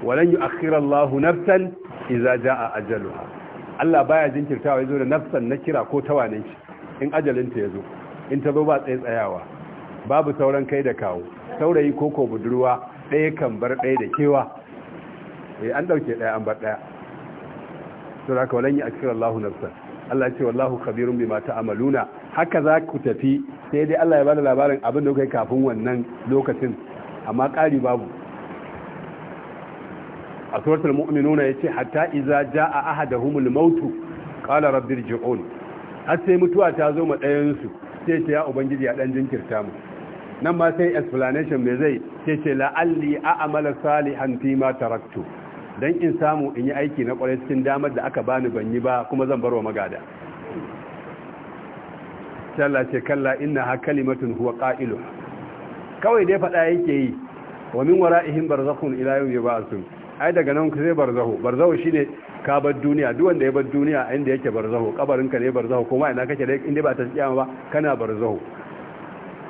Speaker 1: walan yi akhirallahu nafsan iza ja'a ajaluha Allah baya jinkirtawa zo da nafsan na kira ko wane shi in ajalinta ya zo, in ta zo ba tsaye tsayawa babu sauran kai da kawo saurayi ko ko budurwa ɗaya kan bar ɗaya da kewa eh, an ɗauke ɗaya an bar ɗaya saboda haka walan yakfir Allahu nafsa Allah ce wallahu khabirun bima ta'maluna haka za ku tafi sai dai Allah ya bada labarin abin da kai kafin wannan lokacin amma ƙari babu a suratul mu'minuna yace hatta idza jaa ahaduhumul maut qala rabbi irji'un har sai mutuwa ta zo ma ɗayan su sai ce ya ubangiji ya dan jinkirta mu nan ma sai explanation me zai sai ce la'alli a'mala salihan fi ma taraktu don in samu in yi aiki na kwarai cikin damar da aka bani ban yi ba kuma zan barwa magada shalla ce kalla ina ha kalimatin huwa ƙa'ilu. kawai dai faɗa yake yi wa min wara wara'ihim barzakhun ba a sun ai daga nan sai barzahu barzahu shine ka bar duniya duwanda ya bar duniya a inda yake barzahu kabarinka ne barzahu kuma ina kake dai inda ba ta tsiyama ba kana barzahu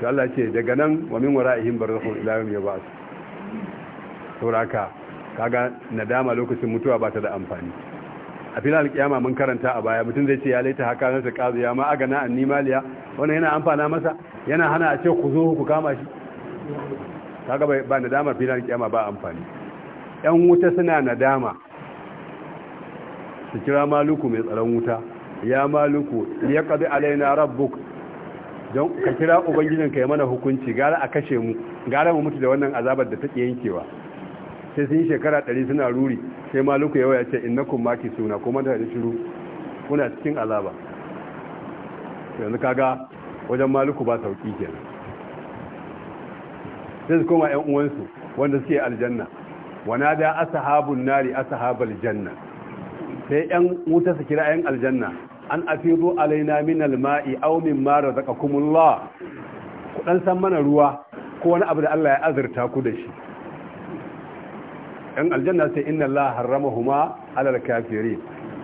Speaker 1: to Allah ce daga nan wa min wara wara'ihim barzakhun ba a sun sauraka kaga nadama lokacin mutuwa ba ta da amfani a filin alkiyama mun karanta a baya mutum zai ce ya laita haka nasa kazu ya ma agana an nimaliya wani yana amfana masa yana hana a ce ku zo ku kama shi kaga ba nadama filin alkiyama ba amfani yan wuta suna nadama su kira maluku mai tsaron wuta ya maluku ya kazi alaina rabbuk don ka kira ubangijinka ya mana hukunci gara a kashe mu gara mu mutu da wannan azabar da take yankewa sai sun yi shekara ɗari suna ruri sai maluku yawa ya ce innakun maki suna kuma da shiru kuna cikin azaba yanzu kaga wajen maluku ba sauki kenan sai su koma 'yan uwansu wanda suke aljanna wana da asahabun nari asahabal janna sai 'yan wuta su kira 'yan aljanna an afidu alaina min alma'i aw mimma razaqakumullah ku dan san mana ruwa ko wani abu da Allah ya azurta ku da shi yan aljanna sai inna Allah huma alal kafiri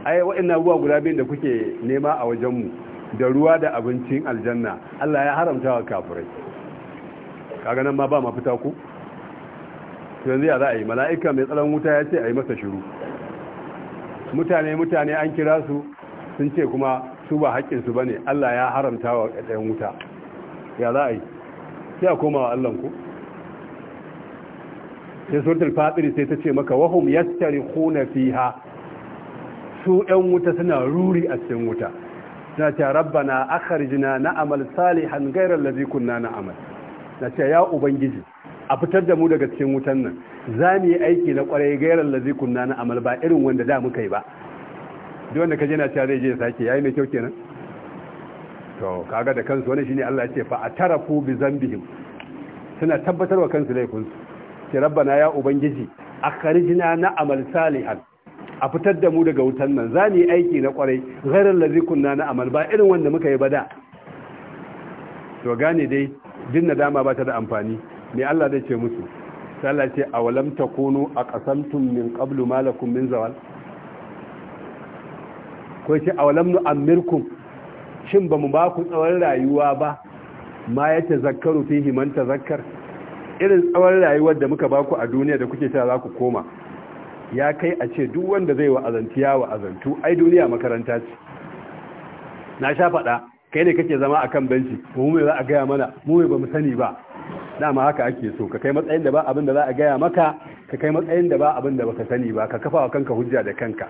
Speaker 1: ai wa'annan ruwa guda biyu da kuke nema a wajen mu da ruwa da abincin aljanna Allah ya haramta wa kafirai kaga nan ma ba ma fita ku yanzu ya za a yi mala'ika mai tsaron wuta ya ce a yi masa shiru mutane mutane an kira su sun ce kuma su ba haƙƙinsu ba ne Allah ya haramta wa ɗayan wuta ya za a yi sai a komawa wa ku. sai suratul fatir sai ta ce maka wahum yastarikhuna fiha su ɗan wuta suna ruri a cikin wuta na ce rabbana akharijna na'amal salihan ghayra allazi kunna na'amal na ce ya ubangiji a fitar da mu daga cikin wutan nan za mu yi aiki na kwarai ghayra allazi kunna na amal ba irin wanda da muka yi ba duk wanda ka na ce zai je sake yayi mai kyau kenan to kaga da kansu wani shine Allah ya ce fa atarafu bi zambihim suna tabbatarwa kansu laifin su ce rabbana ya ubangiji a akhrijna na amal salihan a fitar da mu daga wutan nan za mu yi aiki na kwarai ghairar lazi kunna na amal ba irin wanda muka yi bada to gane dai jin dama ba ta da amfani me Allah zai ce musu a walam ta kono a kasantun min qablu ma min zawal ko ce a awalam nu'ammirkum shin bamu ba ku tsawon rayuwa ba ma ya tazakkaru fihi man tazakkar irin tsawon rayuwar da muka baku a duniya da kuke cewa za ku koma ya kai a ce duk wanda zai ya wa'azantu ai duniya makaranta ce na sha faɗa kai ne kake zama akan benci mu mai za a gaya mana mu mai bamu sani ba dama haka ake so ka kai matsayin da ba abin da za a gaya maka ka kai matsayin da ba abin da baka sani ba ka kafa wa kanka hujja da kanka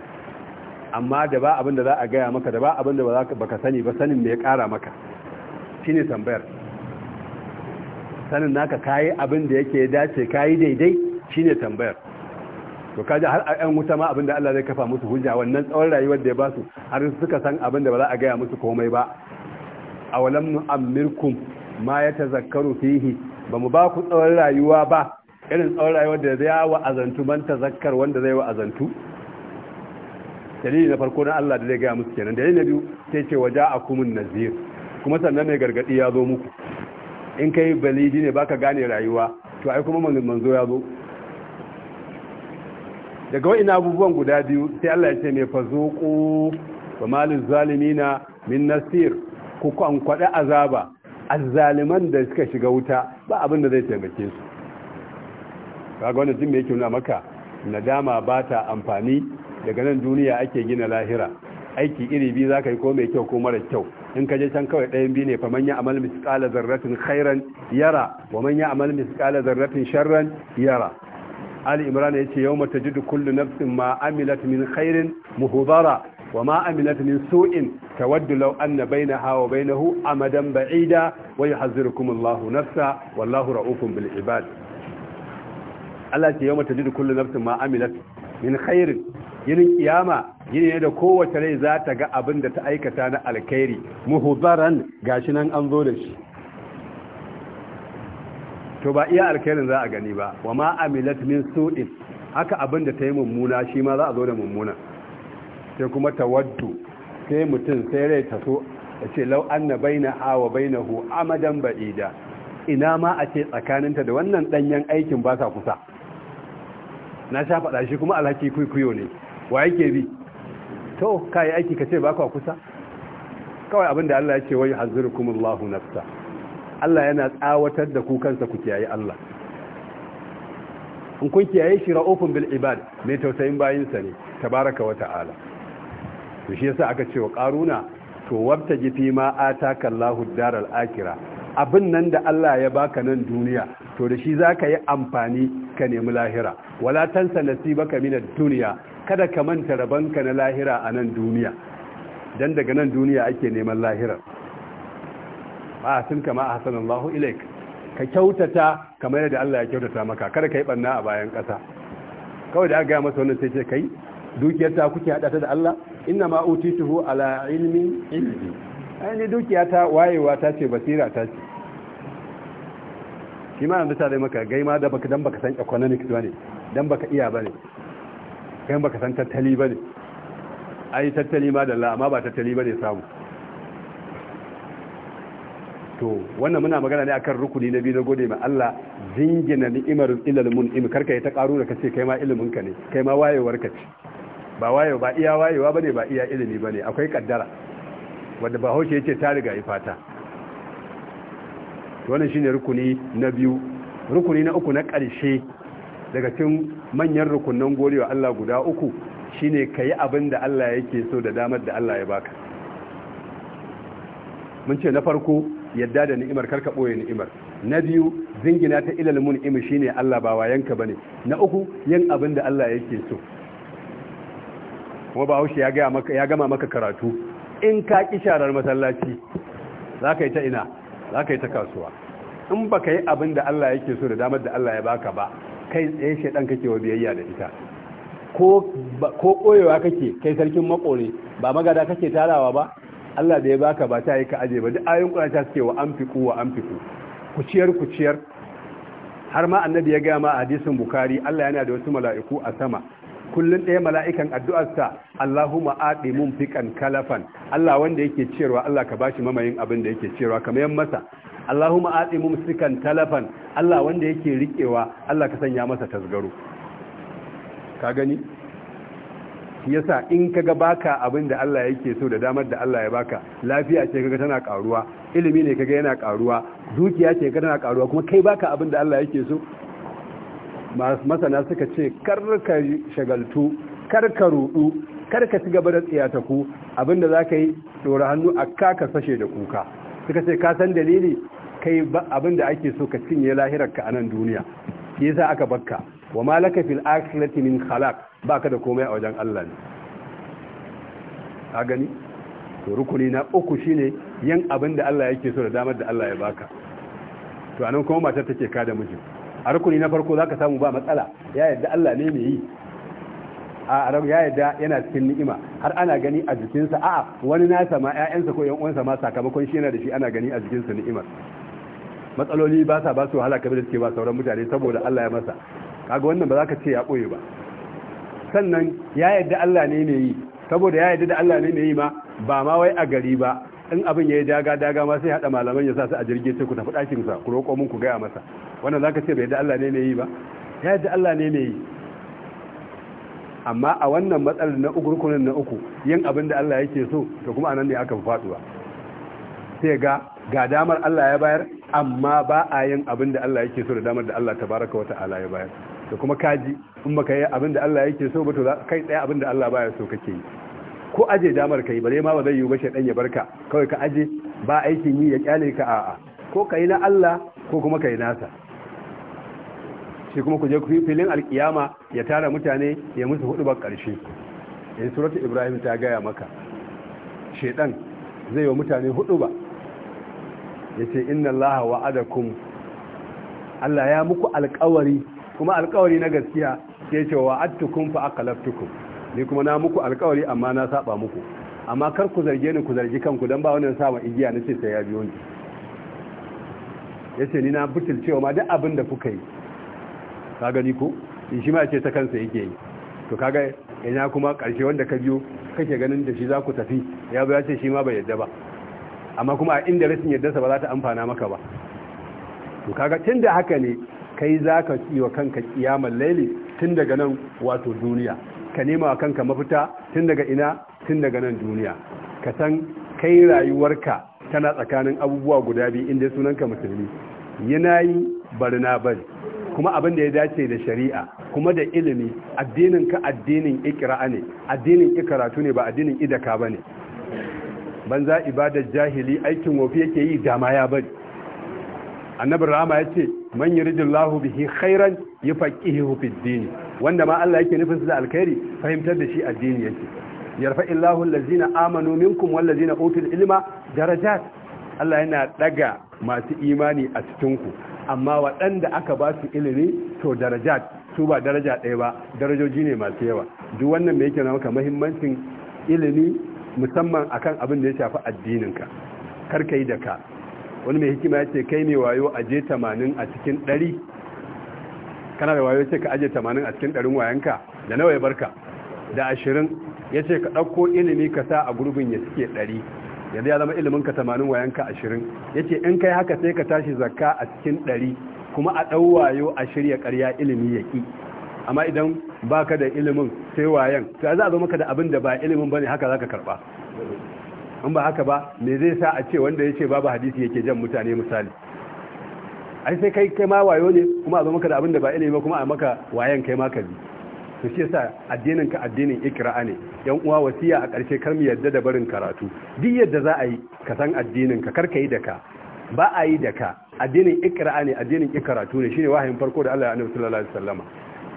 Speaker 1: amma da ba abin da za a gaya maka da ba abin da baka sani ba sanin me ya kara maka shine tambayar sanin naka kayi abin da yake dace kayi daidai shine tambayar to kaji har a yan wuta ma abin da Allah zai kafa musu hujja wannan tsawon rayuwar da ya basu har suka san abin da ba za a gaya musu komai ba a awalam nu'ammirkum ma yatazakkaru fihi ba mu ba ku tsawon rayuwa ba irin tsawon rayuwar da zai wa azantu man tazakkar wanda zai wa azantu dalili na farko na Allah da zai gaya musu kenan dalili na biyu sai ce waja akumun nazir kuma sannan mai gargadi ya zo muku in ka yi balidi ne ka gane rayuwa to ai kuma manzo ya zo daga wa'in abubuwan guda biyu sai Allah ya ce mai ku ba malin na min nasir ku kwankwaɗe azaba azaliman da suka shiga wuta ba abin da zai taimake su kaga wannan jin yake nuna maka nadama ba ta amfani daga nan duniya ake gina lahira aiki iri biyu za ka yi ko mai kyau ko mara kyau in ka je can kawai ɗayan biyu ne fa man ya amal misqala zarratin khairan yara wa man ya amal misqala zarratin sharran yara ali imran yace yawma tajidu kullu nafsin ma amilat min khairin muhdara wa ma amilat min su'in tawaddu law anna bainaha wa bainahu amadan ba'ida wa Allah nafsa wallahu ra'ufun bil ibad Allah ce yau mata jidu kullum nafsin ma amilat min khairin yinin kiyama Gini ne da kowace rai za ta ga abin da ta aikata na alkhairi muhuzaran gashi nan an zo da shi to ba iya alkhairin za a gani ba wa ma amilat min su'in haka abin da ta yi mummuna shi ma za a zo da mummuna sai kuma tawaddu sai mutum sai rai ta so ya ce lau an na baina ha wa baina hu amadan ba'ida ina ma a ce tsakaninta da wannan ɗanyen aikin ba sa kusa na sha faɗa shi kuma alhaki kwaikwayo ne wa yake bi to ka yi aiki ka ce ba kwa kusa kawai abin da Allah ya ce wai hazirkumullahu nafsa Allah yana tsawatar da ku kansa ku kiyaye Allah in kun kiyaye shi ra'ufun bil ibad mai tausayin bayinsa ne tabaraka wa ta'ala to shi yasa aka ce wa qaruna to wabtaji fi ma ataka Allahu daral akhirah abin nan da Allah ya baka nan duniya to da shi zaka yi amfani ka nemi lahira wala tansa nasibaka minad dunya kada ka manta rabanka na lahira a nan duniya don daga nan duniya ake neman lahirar ba sun kama a hasan Allah ilaik ka kyautata kamar yadda Allah ya kyautata maka kada ka yi ɓanna a bayan ƙasa kawai da aga ya masa wannan sai ce kai dukiyar ta kuke haɗa ta da Allah ina ma utituhu ala ilmin ilmi ai dukiya ta wayewa ta ce basira ta ce shi ma yanzu ta zai maka gaima da baka dan baka san economics ne dan baka iya bane kai baka san tattali ba a ai tattali ma da Allah amma ba tattali ba ne samu to wannan muna magana ne akan rukuni na biyu na gode ma Allah zingina ni'imar ilal im karka ta karu da kace kai ma ilimin ka ne kai ma wayewar ka ce ba wayewa ba iya wayewa bane ba iya ilimi bane akwai kaddara wanda ba hoshe yace ta riga ifata wannan shine rukuni na biyu rukuni na uku na ƙarshe daga cikin manyan rukunan wa Allah guda uku shine ka yi abin da Allah yake so da damar da Allah ya baka mun ce na farko yadda da ni'imar karka ɓoye ni'imar na biyu zingina ta ilal mun imi shine Allah ba wayanka bane na uku yin abin da Allah yake so kuma bahaushe ya maka ya gama maka karatu in ka ki sharar masallaci zaka yi ta ina zaka yi ta kasuwa in baka yi abin da Allah yake so da damar da Allah ya baka ba kai tsaye shaidan kake wa biyayya da ita ko koyewa kake kai sarkin makori ba magada kake tarawa ba Allah da ya baka ba ta yi ka aje ba duk ayoyin ta suke wa amfiku wa amfiku kuciyar-kuciyar har ma annabi ya gaya ma a hadisin bukari Allah yana da wasu mala'iku a sama kullun ɗaya mala'ikan addu'arsa Allahumma aɗe mun fiƙan kalafan Allah wanda yake cewa Allah ka bashi mamayin abin da yake cewa kamar masa Allahumma aɗe mun fiƙan talafan Allah wanda yake riƙewa Allah ka sanya masa tasgaro ka gani yasa in kaga baka abin da Allah yake so da damar da Allah ya baka lafiya ce kaga tana karuwa ilimi ne kaga yana karuwa dukiya ce kaga tana karuwa kuma kai baka abin da Allah yake so masana suka ce karka shagaltu karka rudu karka ci gaba da tsiyataku abinda za ka yi tsoron hannu a kaka sashe da kuka suka ce ka san dalili kai abinda ake so ka cinye lahirarka a nan duniya ke za aka bakka wa malaka fil akhirati min khalaq ka da komai a wajen Allah ne ka gani to rukuni na uku shine yan abinda Allah yake so da damar da Allah ya baka to anan kuma matar take ka da mijin a rukuni na farko za ka samu ba matsala ya yadda Allah ne mai yi a arab ya yadda yana cikin ni'ima har ana gani a jikinsa a'a wani nasa ma ƴaƴansa ko ƴan ma sakamakon shi yana da shi ana gani a jikinsa ni'imar matsaloli ba sa ba su wahala kamar da suke ba sauran mutane saboda Allah ya masa kaga wannan ba za ka ce ya ɓoye ba sannan ya yadda Allah ne mai yi saboda ya yadda da Allah ne mai yi ma ba ma wai a gari ba in abin ya yi daga daga ma sai haɗa malaman ya sa su a jirgin sai ku tafi ɗakinsa ku roƙo mun ku gaya masa wannan za ka ce bai da Allah ne ne yi ba ya da Allah ne ne yi amma a wannan matsalar na uku rukunin na uku yin abin da Allah yake so to kuma anan ne aka faduwa sai ga ga damar Allah ya bayar amma ba a yin abin da Allah yake so da damar da Allah tabaraka wa ta'ala ya bayar to kuma kaji in baka yi abin da Allah yake so ba to kai tsaya abin da Allah baya so kake yi ko aje damar kai bare ma ba zai yi ba dan ya barka kawai ka aje ba aikin yi ya kyale ka a'a ko kai na Allah ko kuma kai nasa shi kuma ku je ku filin alkiyama ya tara mutane ya musu hudu ba karshe in eh, suratu ibrahim ta gaya maka shedan zai wa mutane hudu ba ya ce inna allaha wa'adakum allah ya muku alkawari kuma alkawari na gaskiya ke ce wa'adtukum fa aqlaftukum ni kuma na muku alkawari amma na saba muku amma kar ku zarge ni ku zargi kanku dan ba wannan sama igiya nace sai ya biyo ni yace ni na butulcewa ma duk abin da kuka yi ka gani ko in shi ma ce ta kansa yake yi to kaga ina kuma karshe wanda ka biyo kake ganin da shi za ku tafi ya zo ya ce shi ma bai yadda ba amma kuma a inda rashin yaddarsa ba za ta amfana maka ba to kaga tun da haka ne kai za ka yi wa kanka kiyamar laili tun daga nan wato duniya ka nema wa kanka mafita tun daga ina tun daga nan duniya ka san kai rayuwarka tana tsakanin abubuwa guda biyu inda sunanka musulmi yana yi barna bari kuma abin da ya dace da shari'a kuma da ilimi addinin ka addinin Ikira ne addinin ikaratu ne ba addinin idaka ba bane banza ibadar jahili aikin wofi yake yi dama ya bari annabi rama ya yace man yuridillahu bihi khairan yufaqihuhu fid din wanda ma Allah yake nufin su da alkhairi fahimtar da shi addini yake illahu allazina amanu minkum wallazina utul ilma darajat Allah yana ɗaga masu imani a cikinku amma waɗanda aka ba su ilimi to daraja su ba daraja ɗaya ba darajoji ne masu yawa duk wannan mai yake na maka mahimmancin ilimi musamman akan abin da ya shafi addininka kar ka yi da ka wani mai hikima ya ce kai mai wayo a tamanin a cikin ɗari kana da wayo ce ka aje tamanin a cikin ɗarin wayanka da nawa ya barka da ashirin ya ce ka ɗauko ilimi ka sa a gurbin ya suke ɗari yanzu ya zama ilimin ka wayan ka ashirin yace in kai haka sai ka tashi zakka a cikin ɗari kuma a dau wayo a shirya ƙarya ilimi ƙi amma idan baka da ilimin sai wayan sai za a zo maka da abin da ba ilimin ba ne haka za ka karba in ba haka ba me zai sa a ce wanda ya ce babu hadisi yake jan mutane misali ai sai kai kai ma wayo ne kuma a zo maka da abin da ba ilimi ba kuma a maka wayan kai ma ka bi to shi yasa addinin ka addinin ikra'a ne yan uwa wasiya a ƙarshe kar mu yadda da barin karatu duk yadda za a yi ka san addinin ka kar ka yi da ka ba a yi da ka addinin ikra'a ne addinin ikaratu ne shine wahayin farko da Allah ya annabi sallallahu alaihi wasallama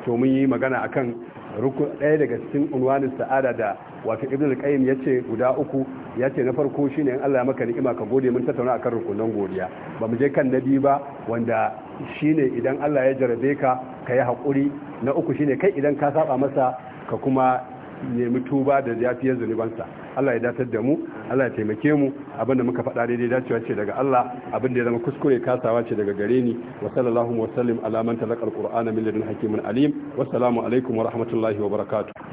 Speaker 1: to mun yi magana akan ruku ɗaya daga cikin unwanin sa'ada da wato ibn al-qayyim yace guda uku yace na farko shine in Allah ya maka ni'ima ka gode mun tattauna akan rukunan godiya ba mu je kan nabi ba wanda shine idan Allah ya jarabe ka ka yi haƙuri na uku shine kai idan ka saba masa ka kuma nemi tuba da zafiyar zunubansa Allah ya datar da mu Allah ya taimake mu abinda muka faɗa daidai dacewa ce daga Allah abinda ya zama kuskure kasawa ce daga gare ni wa sallallahu wa sallim ala man talaqa alqur'ana min ladun hakimin alim wassalamu alaikum wa rahmatullahi wa barakatuh